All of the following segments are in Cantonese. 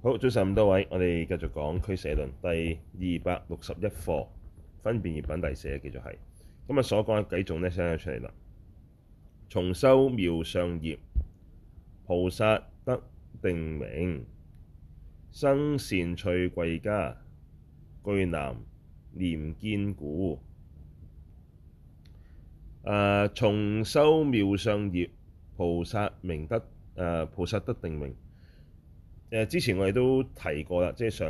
好，早晨咁多位，我哋繼續講俱舍論第二百六十一課，分別業品第四，繼續係。今日所講嘅幾種呢，寫曬出嚟啦。從修妙相業，菩薩得定名，生善趣貴家，具男念堅固。誒、呃，從修妙相業，菩薩明德，誒、呃，菩薩得定名。誒之前我哋都提過啦，即係上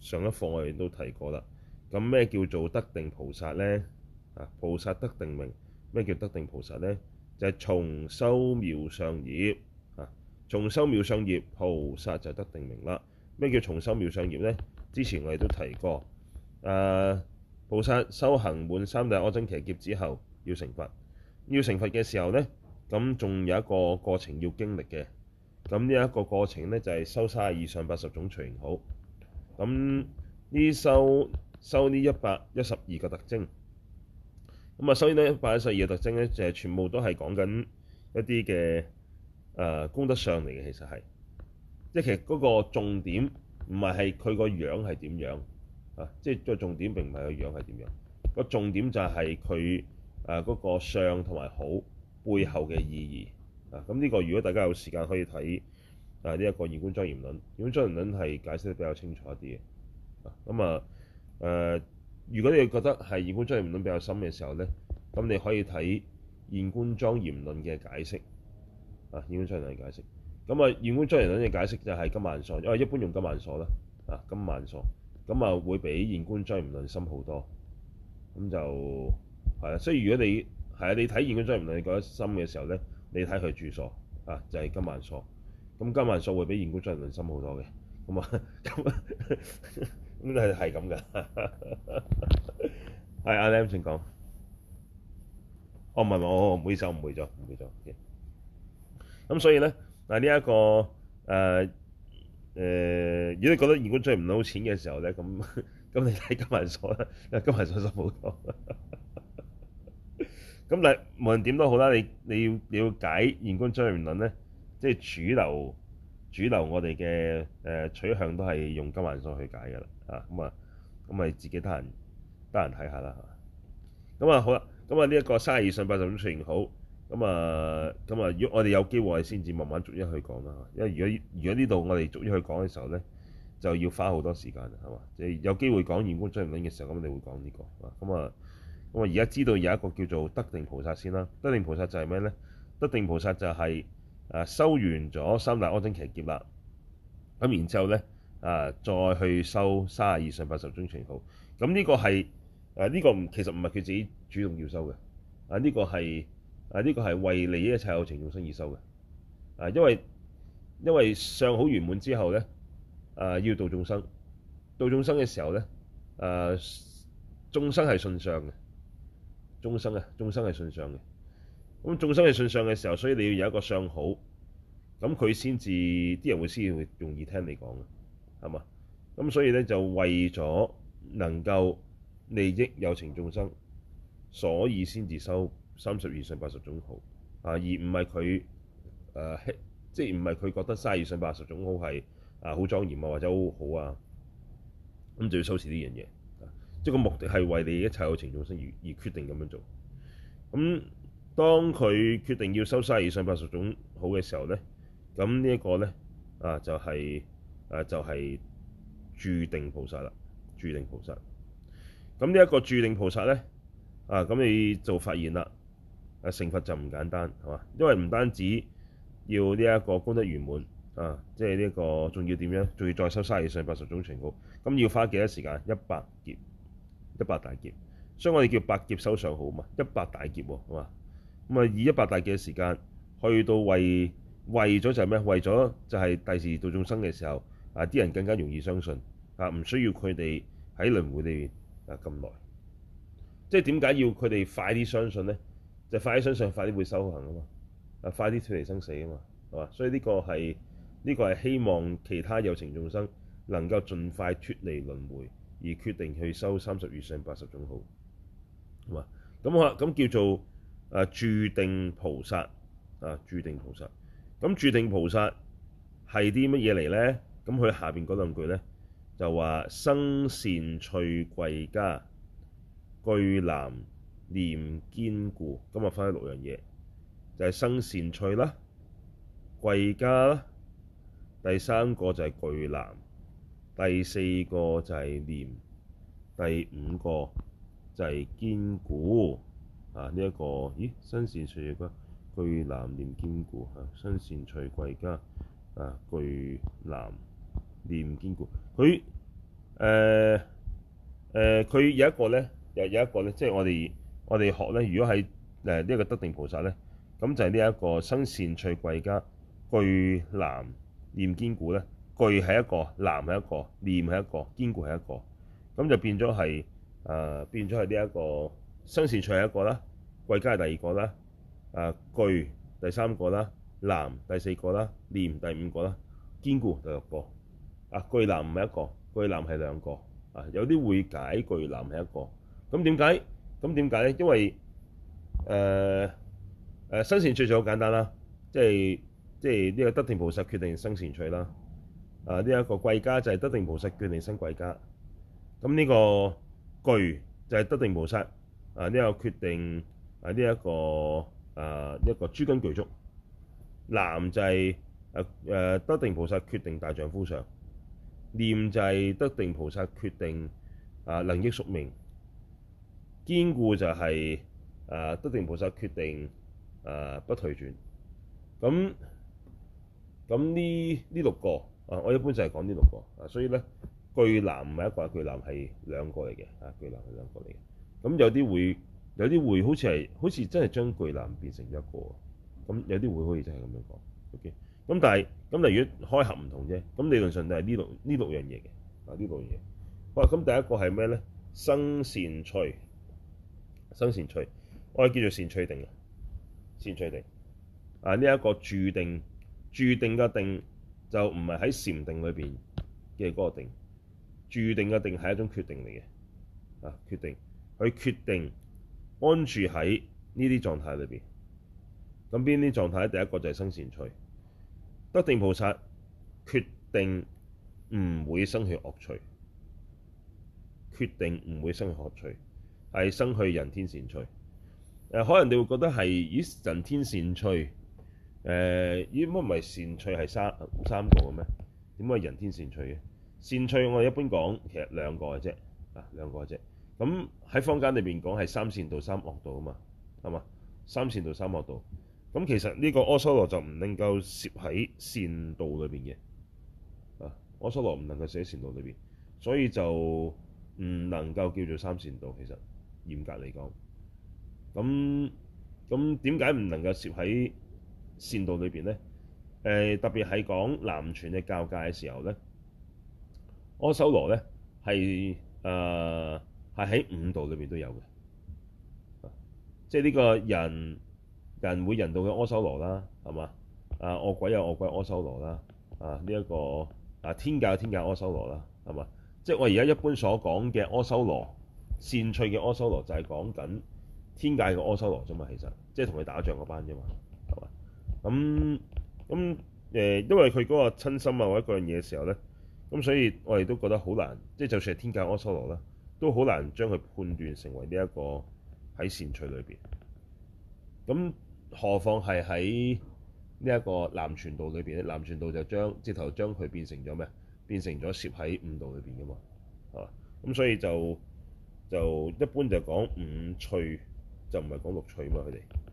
上一課我哋都提過啦。咁咩叫做得定菩薩呢？啊，菩薩得定名。咩叫得定菩薩呢？就係、是、從修妙相業啊！從修妙相業，菩薩就得定名啦。咩叫從修妙相業呢？之前我哋都提過。誒、啊，菩薩修行滿三大阿僧祇劫之後，要成佛。要成佛嘅時候呢，咁仲有一個過程要經歷嘅。咁呢一個過程咧就係、是、修三十二以上八十種隨形好，咁呢修修呢一百一十二個特徵，咁啊修呢一百一十二個特徵咧就係、是、全部都係講緊一啲嘅誒功德相嚟嘅。其實係即係其實嗰個重點唔係係佢個樣係點樣啊，即係個重點並唔係佢個樣係點樣，嗰個重點就係佢誒嗰個相同埋好背後嘅意義。啊，咁呢個如果大家有時間可以睇啊呢一個《現觀莊嚴論》，《現觀莊嚴論》係解釋得比較清楚一啲嘅。啊，咁啊，誒，如果你覺得係《現觀莊嚴論》比較深嘅時候咧，咁你可以睇《現觀莊嚴論》嘅解釋。啊，《現觀莊嚴論》嘅解釋，咁啊，《現觀莊嚴論》嘅、啊、解釋就係金萬上，因為一般用金萬鎖啦。啊，金萬鎖，咁啊會比《現觀莊嚴論》深好多。咁就係啦，所以如果你係啊，你睇《現觀莊嚴論》你覺得深嘅時候咧。你睇佢住所啊，就係、是、金萬所，咁金萬所會比現股追得深好多嘅，咁、嗯、啊，咁咁係係咁嘅，係阿 Lesson 講，哦唔係我唔好收，唔好咗，唔好咗，咁所以咧，啊呢一個誒誒，如果你覺得現股追唔到錢嘅時候咧，咁咁、嗯、你睇金萬所啦，金萬所深好多。咁你係無點都好啦，你你要你要解現觀追源論咧，即、就、係、是、主流主流我哋嘅誒取向都係用金環數去解㗎啦，咁啊咁咪自己得人得人睇下啦，咁啊好啦，咁啊呢一個三二上八十點出現好，咁啊咁啊，我哋有機會先至慢慢逐一去講啦，因為如果如果呢度我哋逐一去講嘅時候咧，就要花好多時間嘅係嘛，即係有機會講現觀追源論嘅時候，咁我哋會講呢、這個啊咁啊。咁我而家知道有一個叫做德定菩薩先啦。德定菩薩就係咩咧？德定菩薩就係誒收修完咗三大阿僧祇劫啦。咁然之後咧，啊再去修三十二相八十種好。咁、這、呢個係誒呢個唔其實唔係佢自己主動要修嘅。啊、這、呢個係啊呢個係為利益一切有情眾生而修嘅。啊因為因為相好圓滿之後咧，誒要度眾生，度眾生嘅時候咧，誒眾生係信相。嘅。眾生啊，眾生係信相嘅，咁眾生係信相嘅時候，所以你要有一個相好，咁佢先至啲人會先會容易聽你講啊，係嘛，咁所以咧就為咗能夠利益有情眾生，所以先至修三十二相八十種好、呃就是、是80種好，啊好啊，而唔係佢誒，即係唔係佢覺得三十二相八十種好係啊好莊嚴啊或者好好啊，咁就要修持呢樣嘢。即係個目的係為你一切有情眾生而而決定咁樣做。咁當佢決定要修三十二相八十種好嘅時候咧，咁呢一個咧啊就係、是、啊就係、是、住定菩薩啦，住定菩薩。咁呢一個住定菩薩咧啊咁你就發現啦，啊成佛就唔簡單係嘛？因為唔單止要呢一個功德圓滿啊，即係呢個仲要點樣？仲要再修三十二相八十種形好。咁要花幾多時間？一百劫。一百大劫，所以我哋叫百劫修相好嘛，一百大劫好嘛？咁啊，以一百大劫嘅時間去到為為咗就係咩？為咗就係第時度眾生嘅時候，啊啲人更加容易相信，啊唔需要佢哋喺輪迴裏面啊咁耐。即係點解要佢哋快啲相信咧？就快啲相信，快啲會修行啊嘛，啊快啲脫離生死啊嘛，係嘛？所以呢個係呢個係希望其他有情眾生能夠盡快脫離輪迴。而決定去修三十二相八十種好，係嘛？咁好啦，咁叫做誒住、啊、定菩薩，啊住定菩薩。咁住定菩薩係啲乜嘢嚟咧？咁佢下邊嗰兩句咧就話生善趣、貴家，具男念堅固。今日翻去六樣嘢，就係、是、生善趣啦，貴家啦，第三個就係具男。」第四個就係念，第五個就係堅固。啊，呢、這、一個咦？生善趣貴家，具男念堅固。啊，生善趣貴家，啊，具男念堅固。佢佢、呃呃、有一個咧，又有一個咧，即、就、係、是、我哋我哋學咧。如果喺誒呢一個得定菩薩咧，咁就係呢一個生善趣貴家，具男念堅固咧。具係一個，男係一個，念係一個，堅固係一個，咁就變咗係誒，變咗係呢一個生善趣係一個啦，貴家係第二個啦，誒、呃，具第三個啦，男第四個啦，念第五個啦，堅固第六個。啊，具男唔係一個，具男係兩個啊。有啲會解具男係一個，咁點解？咁點解咧？因為誒誒、呃呃，生善趣就好簡單啦，即係即係呢個住定菩薩決定生善趣啦。啊！呢、這、一個貴家就係德定菩薩決定生貴家。咁、這、呢個具就係德定菩薩啊呢個決定、這個、啊呢一、這個啊一個諸根具足男就係誒誒得定菩薩決定大丈夫相，念就係德定菩薩決定啊能憶宿命，堅固就係啊得定菩薩決定啊不退轉。咁咁呢呢六個。啊！我一般就係講呢六個啊，所以咧具男唔係一個，具男係兩個嚟嘅啊，具男係兩個嚟嘅。咁有啲會有啲會好似係好似真係將具男變成一個，咁有啲會可以真係咁樣講。OK，咁但係咁例如果開合唔同啫，咁理論上就係呢六呢六樣嘢嘅啊，呢六樣嘢。哇、啊！咁第一個係咩咧？生善趣，生善趣，我哋叫做善趣定，善趣定啊！呢、這、一個註定註定嘅定。就唔係喺禪定裏面嘅嗰個定，註定嘅定係一種決定嚟嘅，啊決定，佢決定安住喺呢啲狀態裏面。咁邊啲狀態？第一個就係生善趣，住定菩薩決定唔會生去惡趣，決定唔會生去惡趣，係生去人天善趣。啊，可能你會覺得係咦，人天善趣？誒、呃，咦乜唔係善趣係三三個嘅咩？點解人天善趣嘅？善趣我哋一般講其實兩個嘅啫，啊兩個嘅啫。咁喺坊間裏邊講係三善道、三惡道啊嘛，係嘛？三善道、三惡道。咁其實呢個阿修羅就唔能夠攝喺善道裏邊嘅，啊阿修羅唔能夠攝喺善道裏邊，所以就唔能夠叫做三善道。其實嚴格嚟講，咁咁點解唔能夠攝喺？善道裏邊咧，誒、呃、特別係講南傳嘅教界嘅時候咧，阿修羅咧係誒係喺五道裏邊都有嘅，即係呢個人人會人道嘅阿修羅啦，係嘛？啊惡鬼有惡鬼阿修羅啦，啊呢一、這個啊天界有天界阿修羅啦，係嘛？即、就、係、是、我而家一般所講嘅阿修羅善趣嘅阿修，修羅，就係講緊天界嘅阿修羅啫嘛。其實即係同佢打仗嗰班啫嘛。咁咁誒，因為佢嗰個親心啊，或者嗰樣嘢嘅時候咧，咁所以我哋都覺得好難，即係就算係天教阿修羅啦，都好難將佢判斷成為呢一個喺善趣裏邊。咁何況係喺呢一個南傳道裏邊咧？南傳道就將直頭將佢變成咗咩？變成咗攝喺五道裏邊噶嘛，係、嗯、嘛？咁所以就就一般就講五趣，就唔係講六趣啊嘛，佢哋。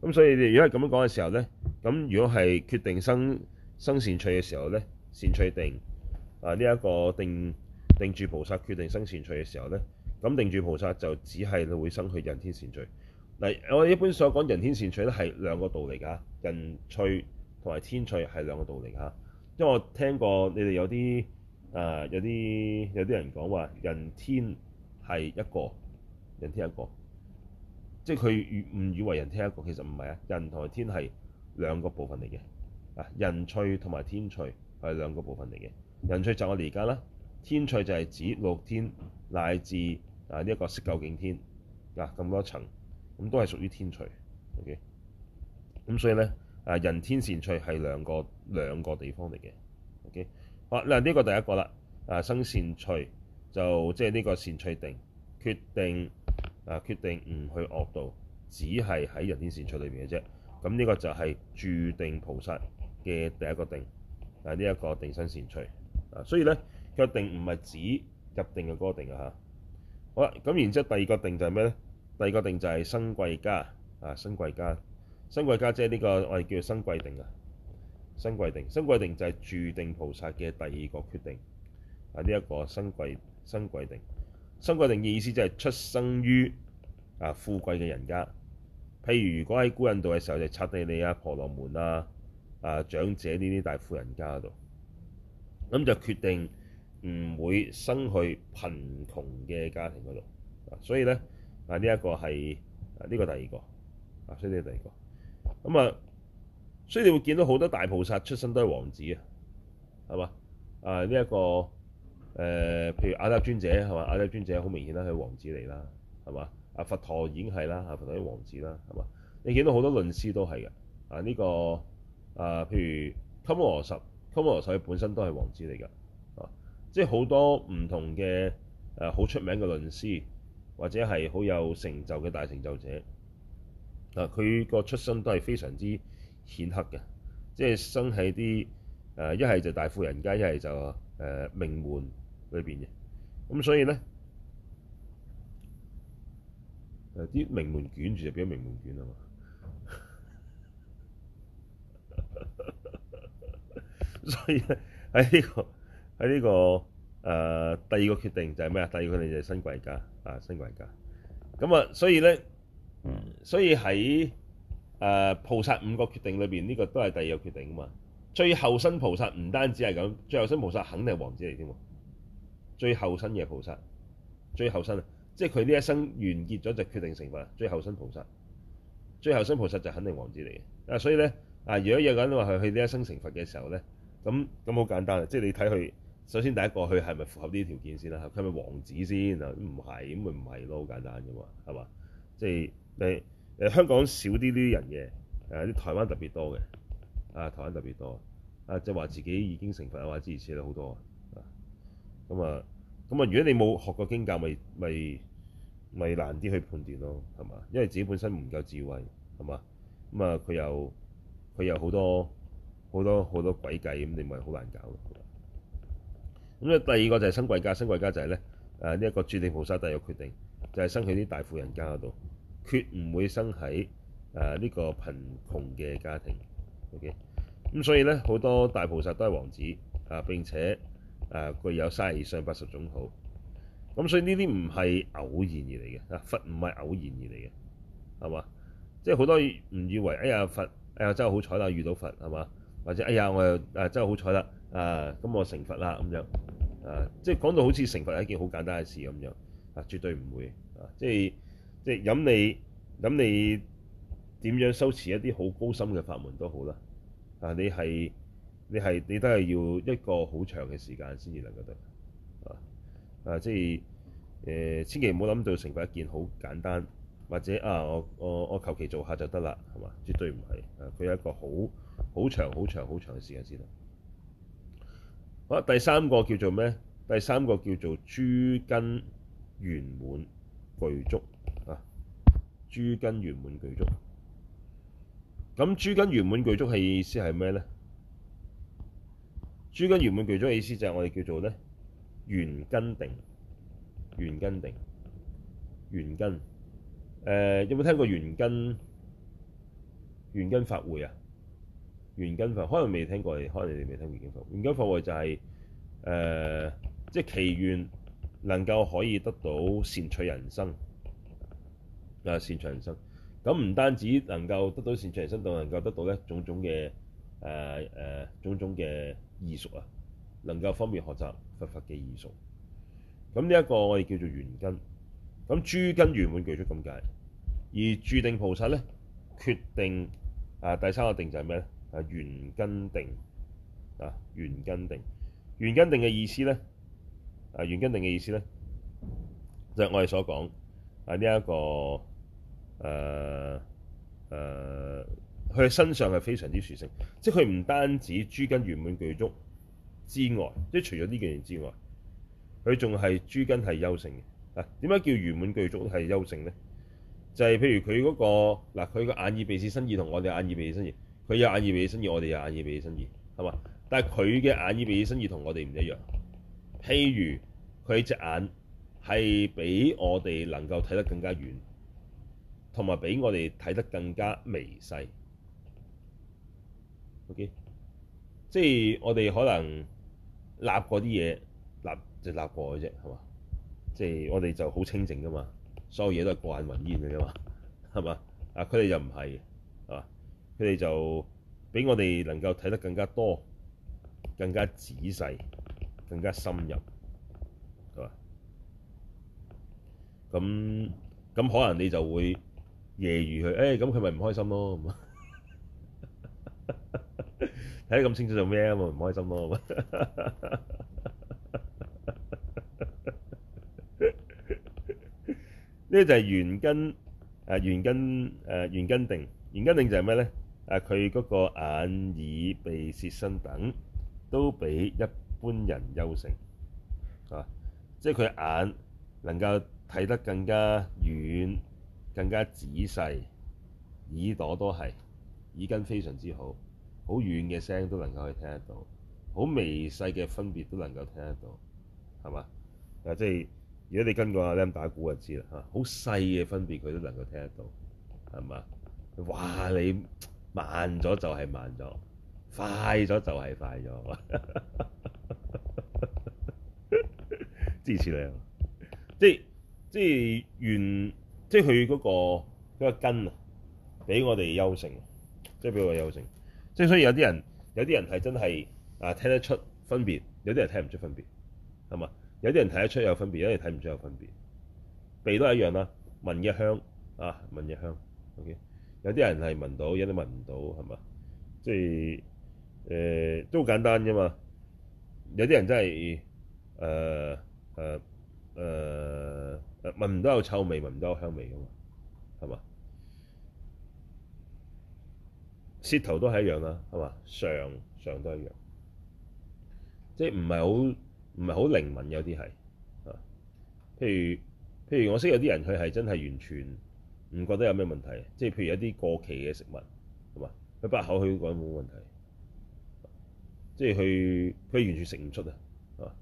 咁所以你如果係咁樣講嘅時候呢，咁如果係決定生生善趣嘅時候呢，善趣定啊，呢一個定，定住菩薩決定生善趣嘅時候呢，咁定住菩薩就只係會生去人天善趣。嗱，我一般所講人天善趣咧係兩個道理噶，人趣同埋天趣係兩個道理嚇。因為我聽過你哋有啲啊、呃、有啲有啲人講話人天係一個，人天一個。即係佢誤以為人天一個，其實唔係啊。人同埋天係兩個部分嚟嘅啊，人趣同埋天趣係兩個部分嚟嘅。人趣就係我哋而家啦，天趣就係指六天乃至啊呢一個色究竟天啊咁多層，咁都係屬於天趣。OK，咁所以咧啊人天善趣，係兩個兩個地方嚟嘅。OK，好啦，嗱、這、呢個第一個啦，啊生善趣就即係呢個善趣定決定。啊！決定唔去惡道，只係喺人天善趣裏面嘅啫。咁呢個就係住定菩薩嘅第一個定，啊呢一個定生善趣。啊，所以咧決定唔係指入定嘅嗰個定吓、啊，好啦，咁然之後第二個定就係咩咧？第二個定就係生貴家啊，生貴家。生、啊、貴家即係呢個我哋叫做生貴定啊。生貴定，生貴定就係住定菩薩嘅第二個決定，啊呢一個生貴生貴定。生貴定嘅意思就係出生於啊富貴嘅人家，譬如如果喺古印度嘅時候就剎帝利啊婆羅門啊啊長者呢啲大富人家度，咁就決定唔會生去貧窮嘅家庭嗰度，所以咧啊呢一、這個係啊呢、這個第二個啊，所以呢第二個咁啊，所以你會見到好多大菩薩出生都係王子啊，係嘛？啊呢一個。誒、呃，譬如亞達尊者係嘛？亞達尊者好明顯啦，係王子嚟啦，係嘛？阿佛陀已經係啦，阿佛陀啲王子啦，係嘛？你見到好多論師都係嘅，啊呢、這個啊，譬如鳩摩羅什，鳩摩羅什本身都係王子嚟嘅，啊，即係好多唔同嘅誒，好、啊、出名嘅論師或者係好有成就嘅大成就者，啊，佢個出身都係非常之顯赫嘅，即係生喺啲誒，一、啊、係就大富人家，一係就。誒，名門裏邊嘅，咁所以咧誒啲名門卷住就變咗名門卷啊嘛， 所以咧喺呢個喺呢個誒第二個決定就係咩啊？第二個決定就係生貴家啊，生貴家。咁啊，所以咧，所以喺誒菩薩五個決定裏邊，呢個都係第二個決定啊嘛。最後身菩薩唔單止係咁，最後身菩薩肯定係王子嚟添。最後身嘅菩薩，最後身，即係佢呢一生完結咗就決定成佛。最後身菩薩，最後身菩薩就肯定王子嚟嘅。啊，所以咧，啊，如果有人話係佢呢一生成佛嘅時候咧，咁咁好簡單，即係你睇佢首先第一個，佢係咪符合呢啲條件先啦？係咪王子先啊？唔係，咁咪唔係咯，好簡單噶嘛，係嘛？即係你誒、呃、香港少啲呢啲人嘅，誒、呃、啲台灣特別多嘅。啊，台灣特別多啊，即係話自己已經成佛啊，之類似嘅好多啊。咁啊，咁啊，啊，啊，啊，如果你冇學過經教，咪咪咪難啲去判斷咯，係嘛？因為自己本身唔夠智慧，係嘛？咁啊，佢、啊、有佢有好多好多好多詭計，咁你咪好難搞。咁咧、啊，第二個就係生貴家，生貴家就係、是、咧，誒呢一個住定菩薩都有決定，就係、是、生喺啲大富人家度，決唔會生喺誒呢個貧窮嘅家庭。O K。咁所以咧，好多大菩薩都係王子啊，並且誒佢、啊、有三十二相八十種好。咁所以呢啲唔係偶然而嚟嘅啊，佛唔係偶然而嚟嘅，係嘛？即係好多唔以為，哎呀佛，哎呀真係好彩啦，遇到佛係嘛？或者哎呀我又真係好彩啦，啊咁我成佛啦咁樣啊，即、就、係、是、講到好似成佛係一件好簡單嘅事咁樣啊，絕對唔會啊，即係即係飲你飲你點、啊、樣修持一啲好高深嘅法門都好啦。啊！你係你係你都係要一個好長嘅時間先至能夠得，啊啊！即係誒、呃，千祈唔好諗到成為一件好簡單，或者啊，我我我求其做下就得啦，係嘛？絕對唔係啊！佢有一個好好長、好長、好長嘅時間先得。好、啊，第三個叫做咩？第三個叫做諸根圓滿具足啊！諸根圓滿具足。咁諸根圓滿具足嘅意思係咩咧？諸根圓滿具足嘅意思就係我哋叫做咧圓根定、圓根定、圓根。誒、呃，有冇聽過圓根圓根法會啊？圓根法可能未聽過，你可能你未聽圓根法。圓根法會就係、是、誒，即、呃、係、就是、祈願能夠可以得到善趣人生啊，善趣人生。咁唔單止能夠得到善趣人生，到能夠得到咧種種嘅誒誒種種嘅異熟啊，能夠方便學習佛法嘅異熟。咁呢一個我哋叫做圓根，咁諸根圓滿具足咁解。而住定菩薩咧，決定啊第三個定就係咩咧？啊圓根定啊，圓根定。圓、啊、根定嘅意思咧，啊圓根定嘅意思咧，就係、我哋所講啊呢一、這個。誒、呃、誒，佢、呃、嘅身上係非常之殊勝，即係佢唔單止諸根圓滿具足之外，即係除咗呢件嘢之外，佢仲係諸根係優勝嘅。嗱、啊，點解叫圓滿具足係優勝咧？就係、是、譬如佢嗰、那個嗱，佢個眼耳鼻舌身意同我哋眼耳鼻舌身意，佢有眼耳鼻舌身意，我哋有眼耳鼻舌身意，係嘛？但係佢嘅眼耳鼻舌身意同我哋唔一樣。譬如佢隻眼係比我哋能夠睇得更加遠。同埋俾我哋睇得更加微細，OK，即係我哋可能立過啲嘢，立就立過去啫，係嘛？即係我哋就好清淨噶嘛，所有嘢都係過眼雲煙嚟噶嘛，係嘛？啊，佢哋又唔係，係嘛？佢哋就俾我哋能夠睇得更加多、更加仔細、更加深入，係嘛？咁咁可能你就會揶揄佢，誒咁佢咪唔開心咯？睇得咁清楚做咩啊？嘛唔開心咯？呢就係圓根，誒圓根，誒圓根定，圓根定就係咩咧？誒佢嗰個眼耳鼻舌身等都比一般人優勝啊！即係佢眼能夠睇得更加遠。更加仔細，耳朵都係耳根非常之好，好遠嘅聲都能夠去聽得到，好微細嘅分別都能夠聽得到，係嘛，嗯？即係如果你跟個阿 Sam 打鼓就知啦嚇，好細嘅分別佢都能夠聽得到，係嘛？哇！你慢咗就係慢咗，快咗就係快咗， 支持你啊！即係即係原。即係佢嗰個嗰個根啊，比我哋優勝，即係比我哋優勝，即係所以有啲人，有啲人係真係啊聽得出分別，有啲人聽唔出分別，係嘛？有啲人睇得出有分別，有啲人睇唔出有分別。鼻都係一樣啦，聞嘅香啊，聞嘅香。OK，有啲人係聞到，有啲聞唔到，係嘛？即係誒、呃、都好簡單㗎嘛，有啲人真係誒誒誒。呃呃呃聞唔到有臭味，聞唔到有香味噶嘛，係嘛？舌頭都係一樣啊，係嘛？上上都一樣，即係唔係好唔係好靈敏，有啲係啊。譬如譬如我識有啲人，佢係真係完全唔覺得有咩問，問題，即係譬如一啲過期嘅食物，係嘛？佢把口去講冇問題，即係佢佢完全食唔出啊，係嘛？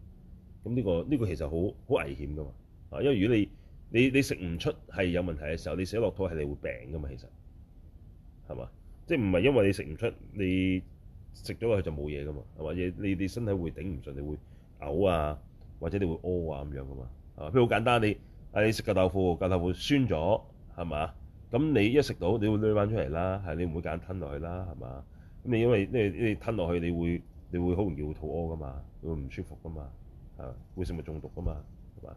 咁呢個呢個其實好好危險噶嘛。啊，因為如果你你你食唔出係有問題嘅時候，你食落肚係你會病噶嘛。其實係嘛，即係唔係因為你食唔出，你食咗佢就冇嘢噶嘛？或者你你身體會頂唔順，你會嘔啊，或者你會屙啊咁樣噶嘛。係譬如好簡單，你啊你食個豆腐，個豆腐會酸咗係嘛？咁你一食到你會拎翻出嚟啦，係你唔會揀吞落去啦，係嘛？咁你因為因為因為吞落去，你會你會好容易會肚屙噶嘛，你會唔舒服噶嘛，係會食物中毒噶嘛，係嘛？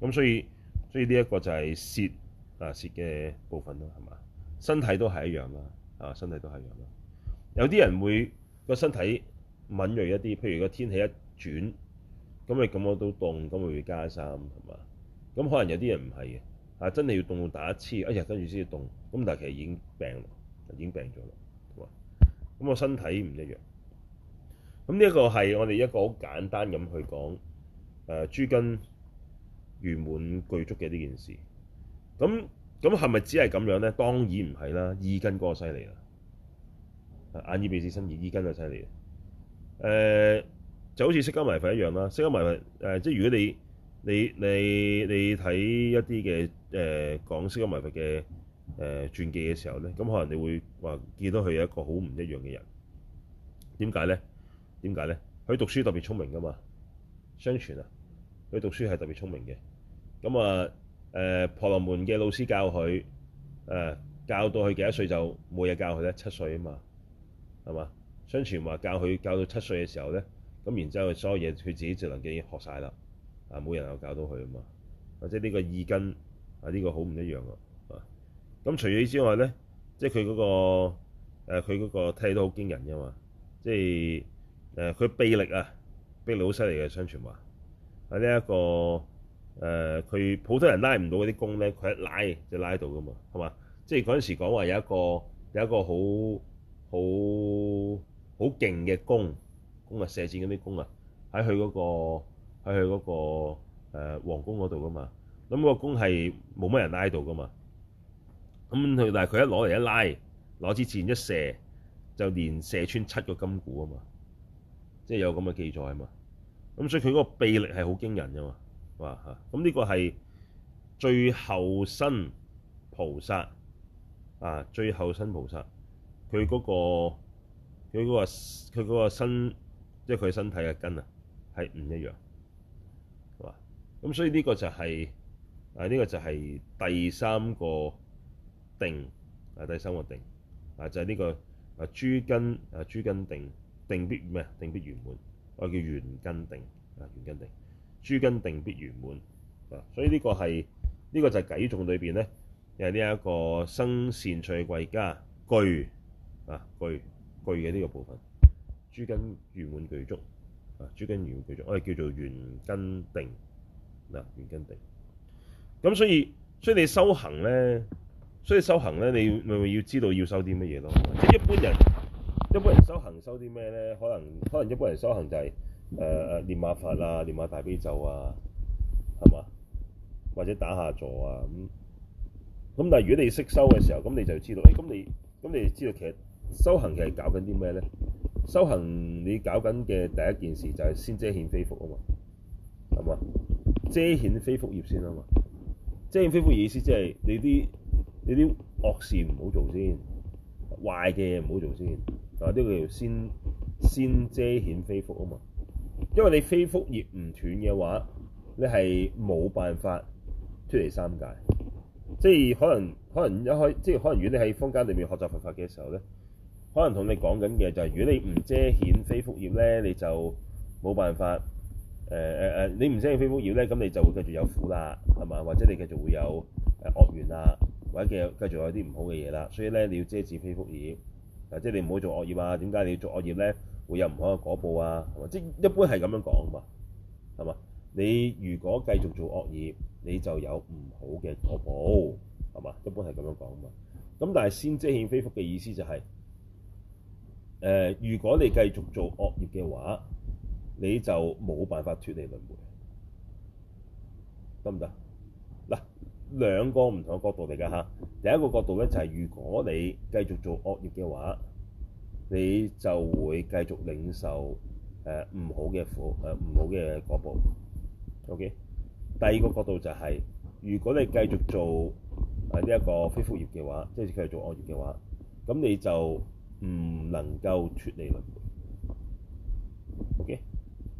咁所以，所以呢一個就係泄啊泄嘅部分咯，係嘛？身體都係一樣啦，啊身體都係一樣啦。有啲人會個身體敏鋭一啲，譬如個天氣一轉，咁咪咁我都凍，咁咪會加衫，係嘛？咁可能有啲人唔係嘅，啊真係要凍到打癡，一、哎、日跟住先要凍，咁但係其實已經病啦，已經病咗啦。咁我身體唔一樣。咁呢一個係我哋一個好簡單咁去講，誒、啊、諸根。圓滿具足嘅呢件事，咁咁係咪只係咁樣咧？當然唔係啦，衣根哥犀利啦，眼耳鼻舌身意，衣根就犀利。誒、呃、就好似釋迦牟尼佛一樣啦，釋迦牟尼佛誒，即係如果你你你你睇一啲嘅誒講釋迦牟尼佛嘅誒傳記嘅時候咧，咁可能你會話見到佢有一個好唔一樣嘅人。點解咧？點解咧？佢讀書特別聰明㗎嘛，相傳啊！佢讀書係特別聰明嘅，咁啊，誒、呃、婆羅門嘅老師教佢，誒、呃、教到佢幾多歲就冇人教佢咧？七歲啊嘛，係嘛？相傳話教佢教到七歲嘅時候咧，咁然之後所有嘢佢自己就能夠已經學晒啦，啊冇人有教到佢啊嘛，或者呢個意根啊呢、呢個好唔一樣啊。咁、啊、除咗之外咧，即係佢嗰個佢嗰、啊、個體都好驚人㗎嘛，即係誒佢臂力啊，臂力好犀利嘅相傳話。喺呢一個誒，佢、呃、普通人拉唔到嗰啲弓咧，佢一拉就拉到噶嘛，係嘛？即係嗰陣時講話有一個有一個好好好勁嘅弓，弓啊射箭嗰啲弓啊，喺佢嗰個喺佢嗰個誒、呃、王宮嗰度噶嘛。咁、個弓係冇乜人拉到噶嘛。咁佢但係佢一攞嚟一拉，攞支箭一射，就連射穿七個金鼓啊嘛。即係有咁嘅記載啊嘛。咁所以佢嗰個臂力係好驚人嘅嘛，係嘛嚇？咁呢個係最後身菩薩啊，最後身菩薩佢嗰個佢嗰個佢嗰個身，即係佢身體嘅根啊，係唔一樣，係嘛？咁所以呢個就係啊，呢個就係第三個定啊，第三個定啊，就係呢個啊，諸根啊，諸根定定必咩？定必圓滿。我叫圓根定。啊，圓根定，諸根定必圓滿，啊，所以呢個係呢、呢個就係偈頌裏邊咧，又係呢一個生善趣貴家具啊具具嘅呢個部分，諸根圓滿具足，啊，諸根圓滿具足，我哋叫做圓根定，嗱、啊、圓根定，咁所以所以你修行咧，所以修行咧，你咪要知道要修啲乜嘢咯，即、就、係、是、一般人。一般人修行修啲咩咧？可能可能一般人修行就係誒誒唸吓佛啊，唸吓大悲咒啊，係嘛？或者打下坐啊咁。咁、嗯、但係如果你識修嘅時候，咁你就知道，誒、欸、咁你咁你，你知道其實修行其實搞緊啲咩咧？修行你搞緊嘅第一件事就係先遮掩非福啊嘛，係嘛？遮掩非福業先啊嘛。遮掩非福意思即係你啲你啲惡事唔好做先。壞嘅嘢唔好做先，啊！呢個叫先先遮顯非福啊嘛，因為你非福業唔斷嘅話，你係冇辦法脫離三界。即係可能可能一開，即係可能如果你喺坊間裏面學習佛法嘅時候咧，可能同你講緊嘅就係，如果你唔遮顯非福業咧，你就冇辦法。誒誒誒，你唔遮顯非福業咧，咁你就會繼續有苦啦，係嘛？或者你繼續會有誒惡緣啊。或者嘅繼續有啲唔好嘅嘢啦，所以咧你要遮止非福業，嗱即係你唔好做惡業啊！點解你要做惡業咧？會有唔好嘅果報啊，係嘛？即一般係咁樣講啊嘛，係嘛？你如果繼續做惡業，你就有唔好嘅果報，係嘛？一般係咁樣講啊嘛。咁但係先遮止非福嘅意思就係、是，誒、呃，如果你繼續做惡業嘅話，你就冇辦法脱離輪迴，得唔得？兩個唔同嘅角度嚟㗎嚇。第一個角度咧就係如果你繼續做惡業嘅話，你就會繼續領受誒唔好嘅苦誒唔好嘅果報。OK。第二個角度就係如果你繼續做呢一個非福業嘅話，即係繼續做惡業嘅話，咁你就唔能夠脫離㗎。OK，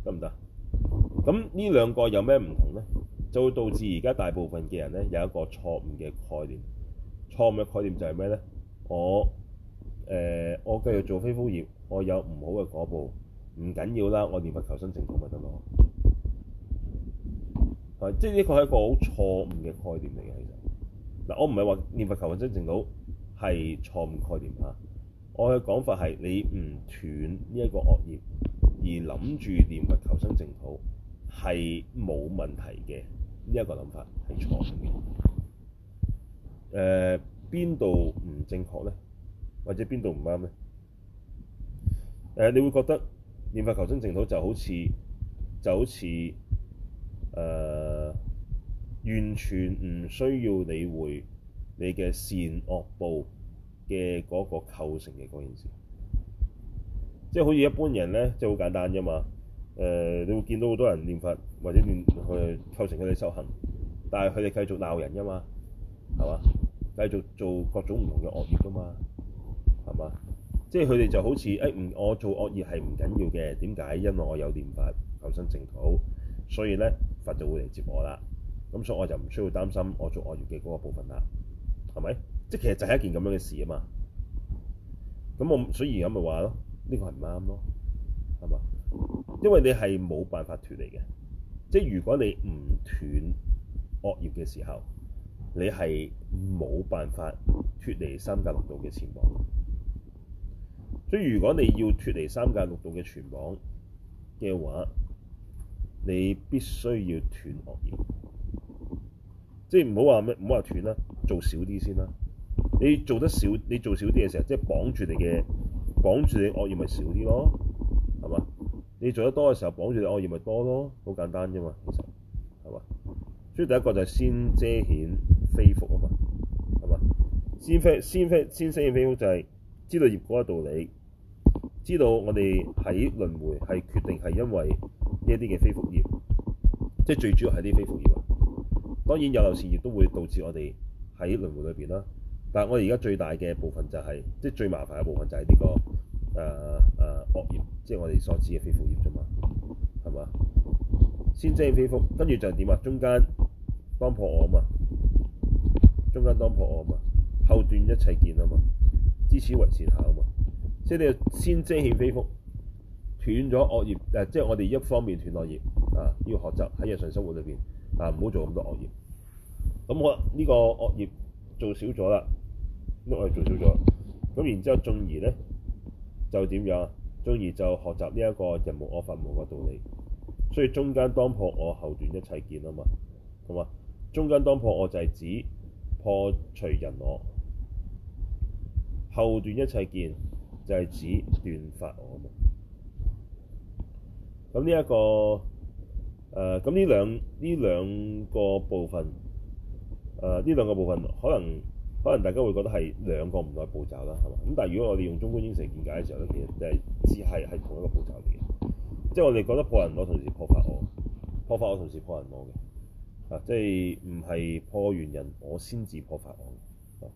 得唔得？咁呢兩個有咩唔同咧？就會導致而家大部分嘅人咧有一個錯誤嘅概念。錯誤嘅概念就係咩咧？我誒、呃、我繼續做非福業，我有唔好嘅果報，唔緊要啦。我念佛求生淨土咪得咯。係，即係呢個係一個好錯誤嘅概念嚟嘅。其實嗱，我唔係話念佛求生淨土係錯誤概念嚇。我嘅講法係你唔斷呢一個惡業而諗住念佛求生淨土係冇問題嘅。呢一個諗法係錯嘅。誒，邊度唔正確咧？或者邊度唔啱咧？誒、呃，你會覺得念佛求生淨土就好似就好似誒、呃，完全唔需要理會你嘅善惡報嘅嗰個構成嘅嗰件事，即係好似一般人咧，即係好簡單啫嘛。誒、呃，你會見到好多人念佛，或者念去構成佢哋修行，但係佢哋繼續鬧人㗎嘛，係嘛？繼續做各種唔同嘅惡業㗎嘛，係嘛？即係佢哋就好似誒唔，我做惡業係唔緊要嘅，點解？因為我有念佛、求生淨土，所以咧佛就會嚟接我啦。咁所以我就唔需要擔心我做惡業嘅嗰個部分啦，係咪？即係其實就係一件咁樣嘅事啊嘛。咁我所以咁咪話咯，呢、這個係唔啱咯，係嘛？因為你係冇辦法脫離嘅，即係如果你唔斷惡業嘅時候，你係冇辦法脫離三界六道嘅纏網。所以如果你要脫離三界六道嘅纏網嘅話，你必須要斷惡業。即係唔好話咩？唔好話斷啦，做少啲先啦。你做得少，你做少啲嘅時候，即係綁住你嘅綁住你惡業咪少啲咯，係嘛？你做得多嘅時候，綁住你惡業咪多咯，好簡單啫嘛，其實係嘛？所以第一個就係先遮掩非福啊嘛，係嘛？先遮先遮先遮掩非福就係知道業果嘅道理，知道我哋喺輪迴係決定係因為呢一啲嘅非福業，即係最主要係啲非福業。當然有漏善業都會導致我哋喺輪迴裏邊啦，但係我哋而家最大嘅部分就係、是、即係最麻煩嘅部分就係呢、這個。誒誒惡業，即係我哋所知嘅非福業啫嘛，係嘛？先遮遣非福，跟住就點啊？中間當破我啊嘛，中間當破我啊嘛，後斷一切見啊嘛，知此為善巧啊嘛。即係你要先遮遣非福，斷咗惡業，誒、啊，即係我哋一方面斷惡業啊，要學習喺日常生活裏邊啊，唔好做咁多惡業。咁我呢個惡業做少咗啦，呢、這個惡業做少咗，咁然之後進而咧。就點樣？中意就學習呢一個人無我法無嘅道理，所以中間當破我，後段一切見啊嘛，係嘛？中間當破我就係指破除人我，後段一切見就係、是、指斷法我啊嘛。咁呢一個誒，咁、呃、呢兩呢兩個部分誒，呢、呃、兩個部分可能。可能大家會覺得係兩個唔同嘅步驟啦，係嘛？咁但係如果我哋用中觀應成見解嘅時候咧，其實就係只係係同一個步驟嚟嘅。即係我哋覺得破人我同時破法我，破法我同時破人我嘅。啊，即係唔係破完人我先至破法我？啊，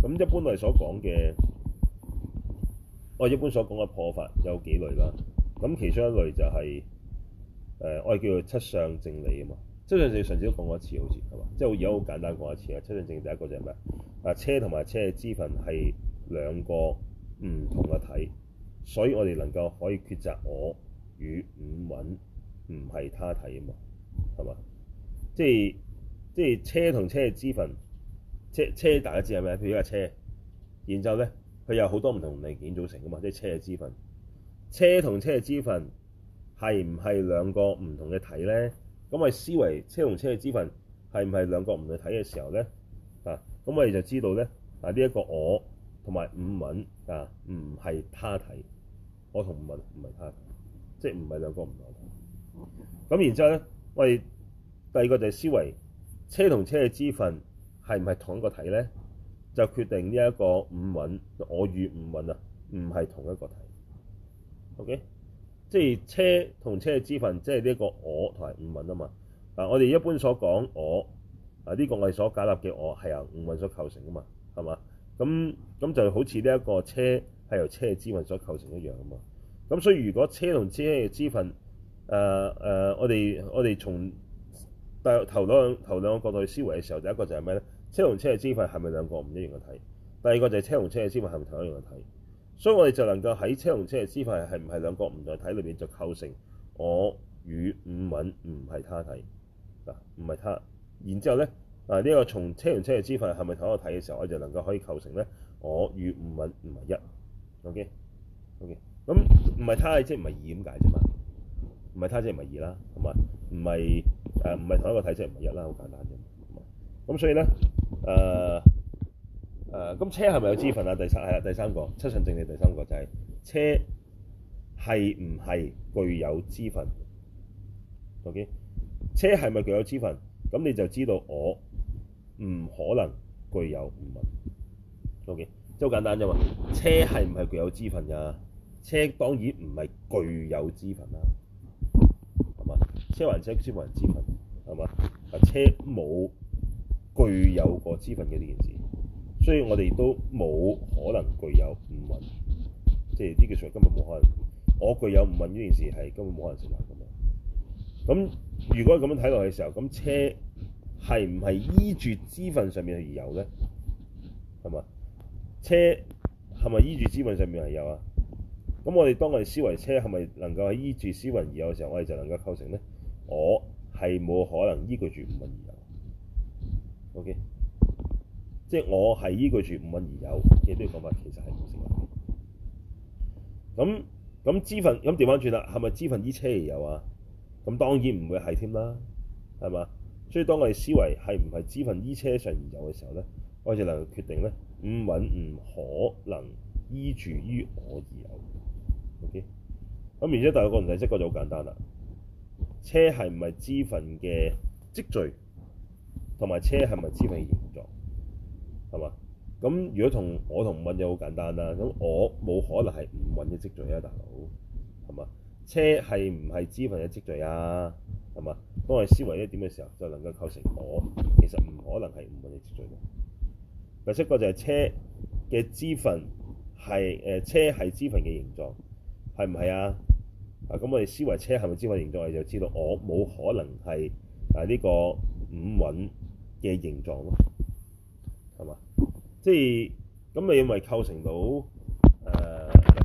咁一般我哋所講嘅，我、啊、一般所講嘅破法有幾類啦。咁其中一類就係、是呃，我哋叫做七相正理啊嘛。出糧正上次都講過一次，好似係嘛？即係我而家好簡單講一次啊！出正，正第一個就係咩啊？車同埋車之分係兩個唔同嘅體，所以我哋能夠可以抉擇我與五蘊，唔係他體啊嘛？係嘛？即係即係車同車之分，車車大家知係咩？譬如一架車，然之後咧，佢有好多唔同零件組成噶嘛？即係車嘅之分，車同車之分係唔係兩個唔同嘅體咧？咁我思維車同車嘅資分係唔係兩個唔同體嘅時候咧？啊，咁我哋就知道咧，啊呢一個我同埋五蘊啊，唔係他體，我同五蘊唔係他，即係唔係兩個唔同。咁、okay. 然之後咧，我哋第二個就係思維車同車嘅資分係唔係同一個體咧？就決定呢一個五蘊，我與五蘊啊，唔係同一個體。好、okay? 即係車同車之支分，即係呢一個我同埋五蘊啊嘛。嗱，我哋一般所講我，啊、這、呢個假我哋所假立嘅我係由五蘊所構成啊嘛，係嘛？咁咁就好似呢一個車係由車之支分所構成一樣啊嘛。咁所以如果車同車之支分，誒、呃、誒、呃，我哋我哋從第頭兩頭兩個角度去思維嘅時候，第一個就係咩咧？車同車之支分係咪兩個唔一樣嘅體？第二個就係車同車之支分係咪同一樣嘅體？所以我哋就能夠喺車同車嘅支分係唔係兩個唔同體裏邊，就構成我與五蘊唔係他體，嗱，唔係他然，然之後咧嗱，呢個從車同車嘅支分係咪同一個體嘅時候，我就能夠可以構成咧，我與五蘊唔係一。OK OK 咁唔係他即係唔係二咁解啫嘛？唔係他即係唔係二啦，係嘛，唔係誒，唔係同一個體即係唔係一啦，好簡單啫嘛。咁所以咧誒。呃誒、啊、咁車係咪有資份啊？第三係啦，第三個七信正嘅第三個就係、是、車係唔係具有資份？OK，車係咪具有資份？咁你就知道我唔可能具有唔問 OK，即係好簡單啫嘛。車係唔係具有資份呀？車當然唔係具有資份啦，係嘛？車還車先還資份，係嘛？啊，車冇具有過資份嘅呢件事。所以我哋都冇可能具有五蘊，即係呢個財根本冇可能。我具有五蘊呢件事係根本冇可能成立嘅。咁如果咁樣睇落嘅時候，咁車係唔係依住資份上面而有咧？係嘛？車係咪依住資份上面係有啊？咁我哋當我哋思維車係咪能夠係依住思維而有嘅時候，我哋就能夠構成咧？我係冇可能依據住五蘊而有。O K。即係我係依據住五蘊而有，這啲講法其實係唔適合。咁咁支分咁調翻轉啦，係咪支分依車而有啊？咁當然唔會係添啦，係嘛？所以當我哋思維係唔係支分依車上而有嘅時候咧，我哋就能夠決定咧，五蘊唔可能依住於我而有。O.K. 咁而且大家個唔使識個就好簡單啦。車係唔係支分嘅積聚，同埋車係唔係支分嘅形狀？係嘛？咁如果同我同五蘊就好簡單啦。咁我冇可能係五蘊嘅積聚啊，大佬。係嘛？車係唔係支分嘅積聚啊？係嘛？當我哋思維一點嘅時候，就能夠構成我。其實唔可能係五蘊嘅積聚嘅啊。第七個就係車嘅支分係誒，車係支分嘅形狀，係唔係啊？啊，咁我哋思維車係咪支分形狀，我哋就知道我冇可能係誒呢個五蘊嘅形狀咯。係嘛，即係咁你認為構成到誒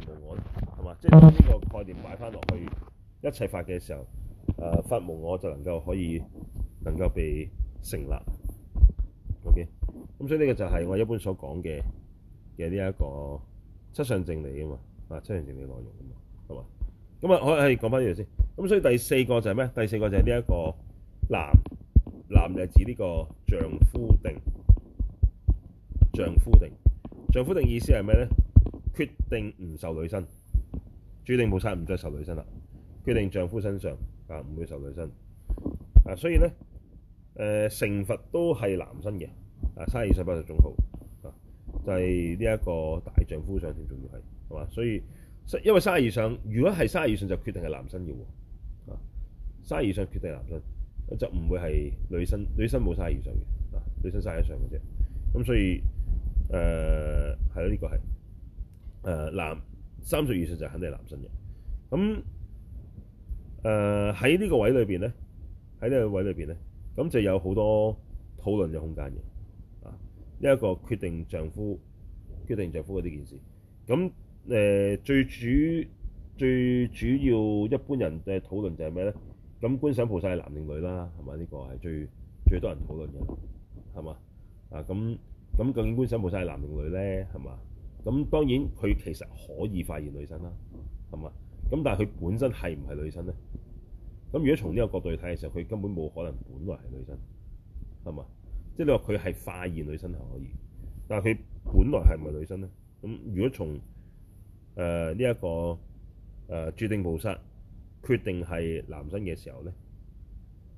人無我，係、呃、嘛，即係呢個概念擺翻落去一切法嘅時候，誒法無我就能夠可以能夠被成立。OK，咁所以呢個就係我一般所講嘅嘅呢一個七上證理啊嘛，啊七上證理內容啊嘛，係嘛。咁啊、這個，我係講翻呢度先。咁所以第四個就係咩？第四個就係呢一個男男就係指呢個丈夫定？丈夫定丈夫定意思係咩咧？決定唔受女身，住定菩薩唔再受女身啦。決定丈夫身相啊，唔會受,受女身啊，所以咧誒，成、呃、佛都係男身嘅啊。三十二相八十種好啊，就係呢一個大丈夫相天仲要係係嘛。所以，因為三十二相，如果係三十二相就決定係男身嘅，啊，三十二相決定男身，就唔會係女身。女身冇三十二相嘅啊，女身三十二相嘅啫，咁所以。誒、呃，係咯，呢、這個係誒、呃、男三十二相就是肯定係男身嘅，咁誒喺呢個位置裏邊咧，喺呢個位置裏邊咧，咁就有好多討論嘅空間嘅，啊呢一個決定丈夫決定丈夫嘅呢件事，咁誒、呃、最主最主要一般人嘅討論就係咩咧？咁觀賞菩薩係男定女啦，係嘛？呢、這個係最最多人討論嘅，係嘛？啊咁。咁究竟觀世音菩薩係男定女咧？係嘛？咁當然佢其實可以化現女生啦，係嘛？咁但係佢本身係唔係女生咧？咁如果從呢個角度去睇嘅時候，佢根本冇可能本來係女生，係嘛？即係你話佢係化現女生係可以，但係佢本來係唔係女生咧？咁如果從誒呢一個誒住、呃、定菩薩決定係男生嘅時候咧，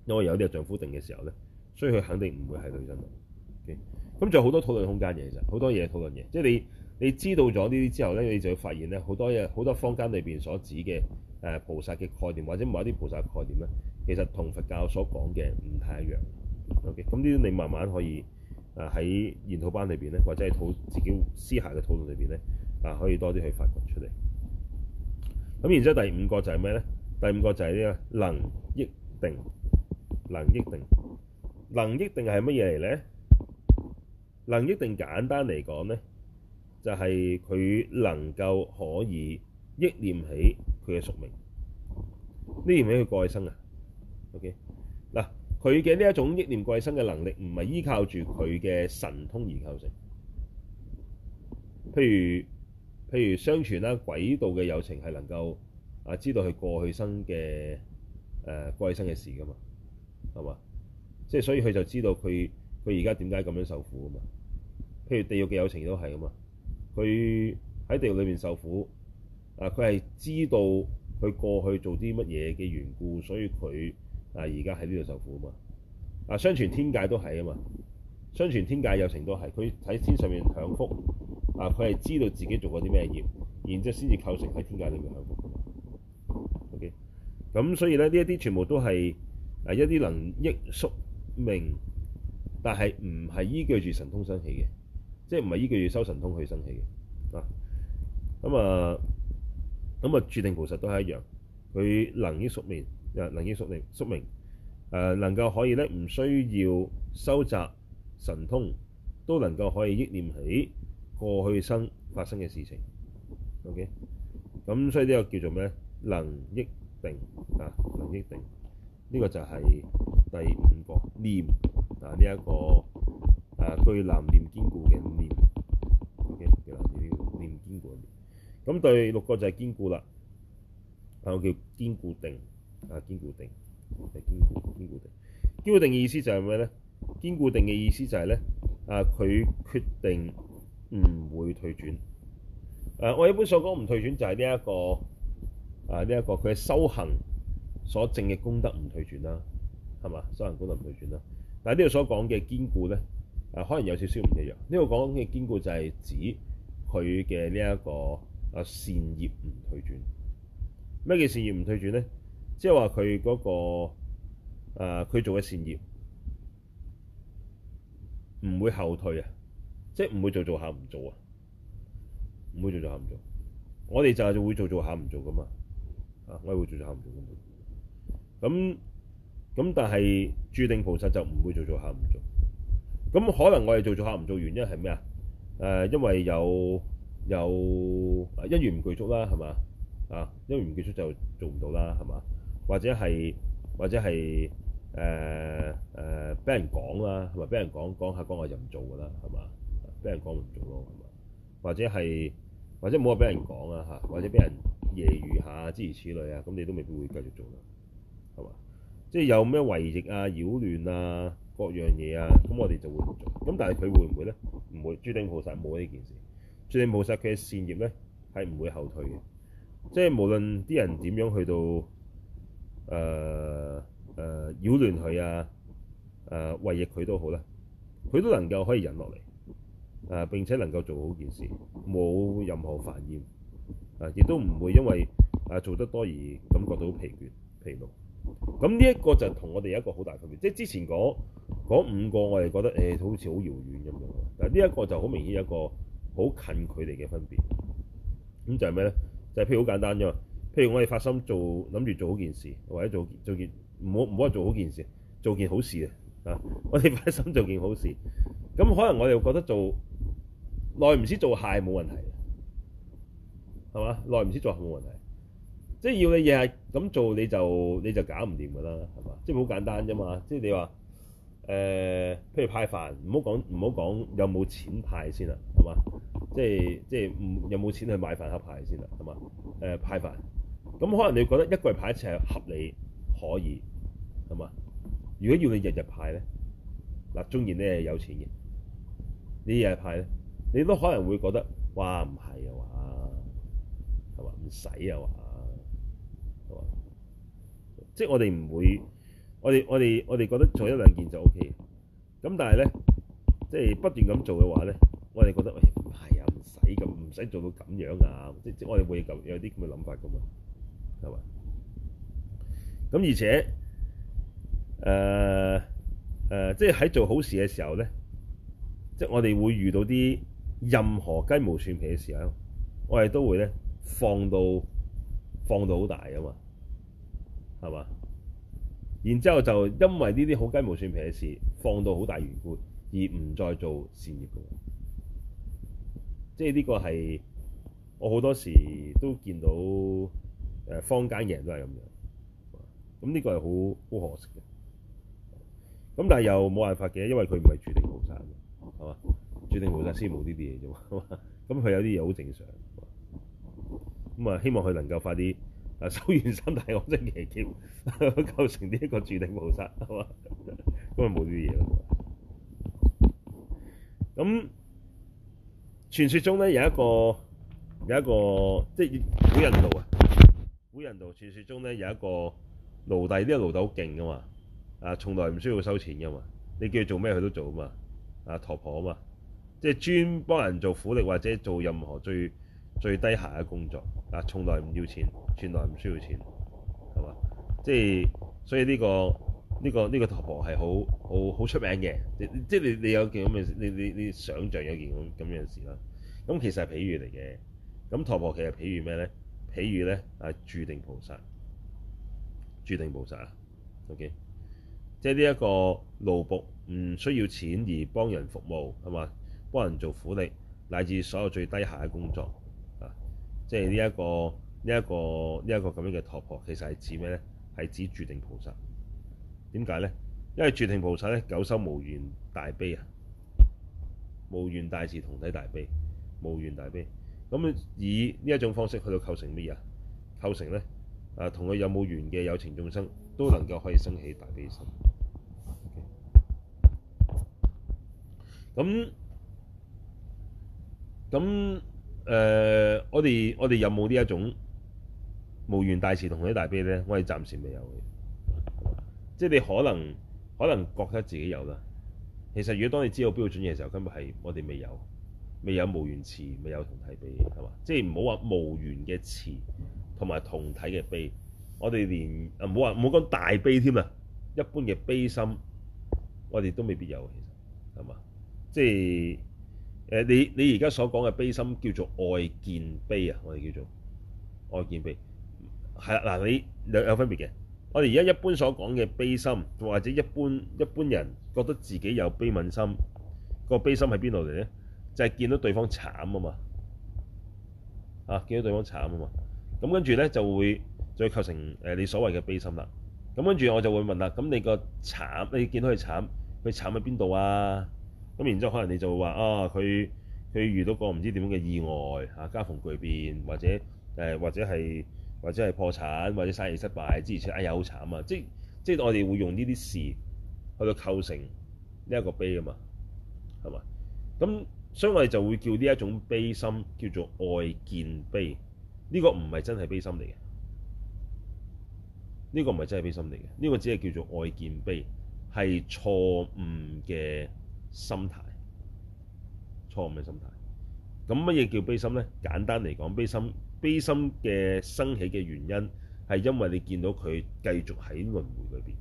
因為有啲係丈夫定嘅時候咧，所以佢肯定唔會係女生嘅。Okay? 咁仲有好多討論空間嘅，其實好多嘢討論嘢，即係你你知道咗呢啲之後咧，你就會發現咧好多嘢，好多坊間裏面所指嘅誒菩薩嘅概念，或者某一啲菩薩概念咧，其實同佛教所講嘅唔太一樣。OK，咁呢啲你慢慢可以啊喺研討班裏面咧，或者係討自己私下嘅討論裏面咧，啊可以多啲去發掘出嚟。咁然之後第五個就係咩咧？第五個就係呢個能憶定，能憶定，能憶定係乜嘢嚟咧？能憶定簡單嚟講咧，就係、是、佢能夠可以憶念起佢嘅宿命，憶念起佢過去生啊。OK，嗱佢嘅呢一種憶念過去生嘅能力，唔係依靠住佢嘅神通而構成。譬如譬如相傳啦，鬼道嘅有情係能夠啊知道佢過去生嘅誒、呃、過去生嘅事噶嘛，係嘛？即係所以佢就知道佢佢而家點解咁樣受苦噶嘛？譬如地獄嘅有情都係咁嘛，佢喺地獄裏面受苦啊，佢係知道佢過去做啲乜嘢嘅緣故，所以佢啊而家喺呢度受苦啊嘛。啊，相傳天界都係啊嘛，相傳天界有情都係佢喺天上面享福啊，佢係知道自己做過啲咩業，然之後先至構成喺天界裏面享福。O K，咁所以咧呢一啲全部都係啊一啲能憶宿命，但係唔係依據住神通生起嘅。即係唔係依個要修神通去生起嘅，啊咁啊咁啊，住定菩薩都係一樣，佢能憶宿命，誒能憶宿命宿命，誒能夠可以咧，唔需要修集神通，都能夠可以憶念起過去生發生嘅事情，OK，咁所以呢個叫做咩咧？能憶定啊，能憶定，呢個就係第五個念啊，呢一個誒具男念堅固嘅。咁對六個就係堅固啦，我叫堅固定，啊堅固定，就堅，堅固定。堅固定意思就係咩咧？堅固定嘅意思就係、是、咧，啊佢決定唔會退轉、啊。我一般所講唔退轉就係呢一個啊，呢、這、一個佢修行所證嘅功德唔退轉啦，係嘛修行功德唔退轉啦。但係呢度所講嘅堅固咧、啊，可能有少少唔一樣。呢度講嘅堅固就係指佢嘅呢一個。啊善業唔退轉，咩叫善業唔退轉咧？即係話佢嗰個誒，佢、呃、做嘅善業唔會後退啊，即係唔會做做下唔做啊，唔會做做下唔做。我哋就係會做做下唔做㗎嘛，啊，我哋會做做下唔做㗎嘛。咁咁但係住定菩薩就唔會做做下唔做、做。咁可能我哋做做下唔做，原因係咩啊？誒、呃，因為有。有啊，因緣唔具足啦，係嘛啊？因緣唔具足就做唔到啦，係嘛？或者係或者係誒誒，俾人講啦，係嘛？俾人講講下講下就唔做噶啦，係嘛？俾人講就唔做咯，係嘛？或者係或者冇話俾人講啊嚇，或者俾人揶揄下諸如此類啊，咁你都未必會繼續做啦，係嘛？即係有咩違逆啊、擾亂啊、各樣嘢啊，咁我哋就會唔做。咁但係佢會唔會咧？唔會，住定菩薩冇呢件事。冇無佢嘅善業咧，係唔會後退嘅。即係無論啲人點樣去到誒誒、呃呃、擾亂佢啊、誒違逆佢都好啦，佢都能夠可以忍落嚟誒，並且能夠做好件事，冇任何煩厭啊，亦都唔會因為誒做得多而感覺到疲倦疲勞。咁呢一個就同我哋有一個好大區別。即係之前講五個，我哋覺得誒、呃、好似好遙遠咁樣，但係呢一個就好明顯一個。好近距離嘅分別，咁就係咩咧？就係、是、譬如好簡單啫嘛。譬如我哋發心做，諗住做好件事，或者做件做件唔好唔好做好件事，做件好事啊！啊，我哋發心做件好事，咁可能我哋覺得做耐唔少做下冇問題，係嘛？耐唔少做冇問題，即係要你日日咁做你就你就搞唔掂㗎啦，係嘛、就是？即係好簡單啫嘛，即係你話。誒、呃，譬如派飯，唔好講，唔好講有冇錢派先啦，係嘛、就是？即係即係唔有冇錢去買飯盒派先啦，係嘛？誒、呃、派飯，咁可能你覺得一個月派一次係合理可以，係嘛？如果要你日日派咧，嗱、啊，當然你係有錢嘅，你天天呢日派咧，你都可能會覺得，哇唔係啊嘛，係嘛唔使啊嘛，係嘛？即係、就是、我哋唔會。我哋我哋我哋覺得做一兩件就 O K，咁但係咧，即係不斷咁做嘅話咧，我哋覺得喂唔係啊，唔使咁唔使做到咁樣啊，即即我哋會有有啲咁嘅諗法噶嘛，係嘛？咁而且誒誒，即係喺做好事嘅時候咧，即我哋會遇到啲任何雞毛蒜皮嘅事響，我哋都會咧放到放到好大噶嘛，係嘛？然之後就因為呢啲好雞毛蒜皮嘅事，放到好大圓觀，而唔再做善業嘅，即係呢個係我好多時都見到誒坊間嘅人都係咁樣，咁、這、呢個係好好可惜嘅。咁但係又冇辦法嘅，因為佢唔係住定菩薩嘅，係嘛？住定菩薩先冇呢啲嘢啫嘛，咁佢有啲嘢好正常。咁啊，希望佢能夠快啲。嗱，修完三大阿僧祇劫，構成呢一個住定菩薩，係嘛？咁咪冇啲嘢咯。咁傳說中咧有一個有一個，即係古印度啊，古印度傳說中咧有一個奴隸，呢個奴隸好勁噶嘛，啊從來唔需要收錢噶嘛，你叫佢做咩佢都做啊嘛，啊馱婆啊嘛，即係專幫人做苦力或者做任何最。最低下嘅工作啊，從來唔要錢，從來唔需要錢，係嘛？即係，所以呢個呢個呢個陀婆係好好好出名嘅。即係你你有件咁嘅，你你你想象有件咁咁樣嘅事啦。咁其實係譬喻嚟嘅。咁陀婆其實譬喻咩咧？譬喻咧係住定菩薩，住定菩薩啊。OK，即係呢一個奴僕唔需要錢而幫人服務係嘛？幫人做苦力乃至所有最低下嘅工作。即係呢一個呢一個呢一個咁樣嘅馱婆，其實係指咩咧？係指住定菩薩。點解咧？因為住定菩薩咧，久修無緣大悲啊，無緣大慈同體大悲，無緣大悲。咁以呢一種方式去到構成咩啊？構成咧，啊，同佢有冇緣嘅有情眾生，都能夠可以升起大悲心。咁咁。誒、uh，我哋我哋有冇呢一種無緣大慈同體大悲咧？我哋暫時未有嘅，即係你可能可能覺得自己有啦。其實如果當你知道標準嘅時候，根本係我哋未有，未有無緣慈，未有同體悲，係嘛？即係唔好話無緣嘅慈同埋同體嘅悲，我哋連啊唔好話唔好講大悲添啊，一般嘅悲心，我哋都未必有，其實係嘛？即係。誒，你你而家所講嘅悲心叫做愛見悲啊，我哋叫做愛見悲，係啦，嗱，你兩有分別嘅。我哋而家一般所講嘅悲心，或者一般一般人覺得自己有悲憫心，個悲心喺邊度嚟咧？就係見到對方慘啊嘛，啊見到對方慘啊嘛，咁跟住咧就會再構成誒你所謂嘅悲心啦。咁跟住我就會問啦，咁你個慘，你見到佢慘，佢慘喺邊度啊？咁然之後，可能你就會話啊，佢佢遇到個唔知點樣嘅意外吓，家逢巨變，或者、呃、或者係或者係破產，或者生意失敗之哎呀，好慘啊！即即我哋會用呢啲事去到構成呢一個悲㗎嘛，係嘛？咁所以我哋就會叫呢一種悲心叫做愛見悲，呢、這個唔係真係悲心嚟嘅，呢、這個唔係真係悲心嚟嘅，呢、這個只係叫做愛見悲，係錯誤嘅。心態錯誤嘅心態，咁乜嘢叫悲心呢？簡單嚟講，悲心悲心嘅生起嘅原因係因為你見到佢繼續喺輪迴裏邊，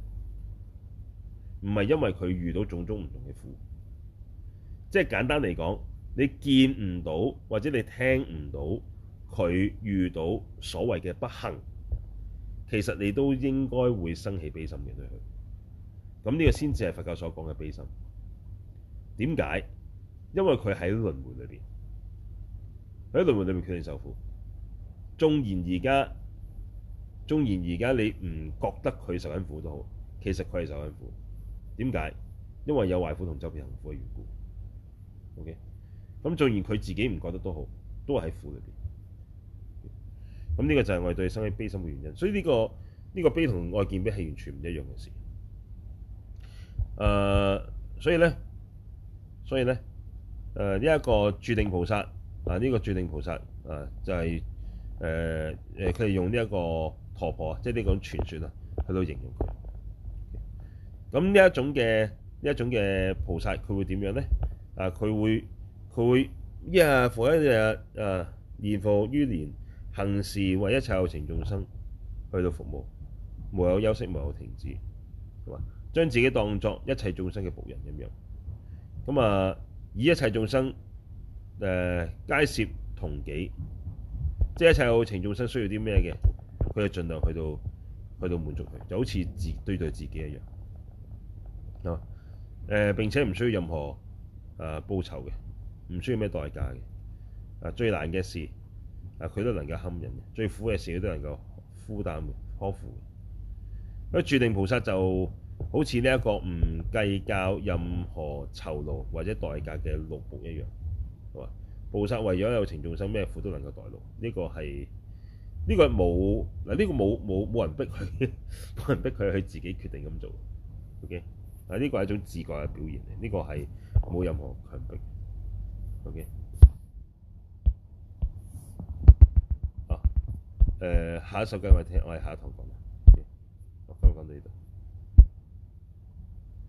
唔係因為佢遇到種種唔同嘅苦。即係簡單嚟講，你見唔到或者你聽唔到佢遇到所謂嘅不幸，其實你都應該會生起悲心嘅對佢。咁呢個先至係佛教所講嘅悲心。點解？因為佢喺輪迴裏邊喺輪迴裏邊決定受苦。縱然而家縱然而家，你唔覺得佢受緊苦都好，其實佢係受緊苦。點解？因為有壞苦同周遍行苦嘅緣故。OK，咁縱然佢自己唔覺得都好，都係喺苦裏邊。咁呢個就係我哋對佢生起悲心嘅原因。所以呢、呢個呢、呢個悲同愛見悲係完全唔一樣嘅事。誒、呃，所以咧。所以咧，誒呢一個住定菩薩啊，呢、這個住定菩薩啊，就係誒誒，佢、呃、哋用呢一個馱婆啊，即係呢個傳説啊，去到形容佢。咁、嗯、呢一種嘅呢一種嘅菩薩，佢會點樣咧？啊，佢會佢會一日復一日啊，年復於年，行事為一切有情眾生去到服務，無有休息，無有停止，係嘛？將自己當作一切眾生嘅僕人咁樣。咁、嗯、啊，以一切眾生誒皆攝同己，即係一切有情眾生需要啲咩嘅，佢就盡量去到去到滿足佢，就好似自對待自己一樣啊誒、嗯呃，並且唔需要任何誒、呃、報酬嘅，唔需要咩代價嘅啊，最難嘅事啊，佢都能夠堪忍嘅，最苦嘅事佢都能夠負擔呵負。所、嗯、以住定菩薩就好似呢一個唔計較任何酬勞或者代價嘅奴僕一樣，好啊，菩薩為咗有情眾生，咩苦都能夠代勞。呢、這個係呢、這個冇嗱，呢、這個冇冇冇人逼佢，冇人逼佢，佢自己決定咁做。O K，係呢個係一種自覺嘅表現。呢、這個係冇任何強迫。O、OK? K，啊，誒、呃，下一首歌我聽，我哋下一堂講啦。O、OK? K，我今日講到呢度。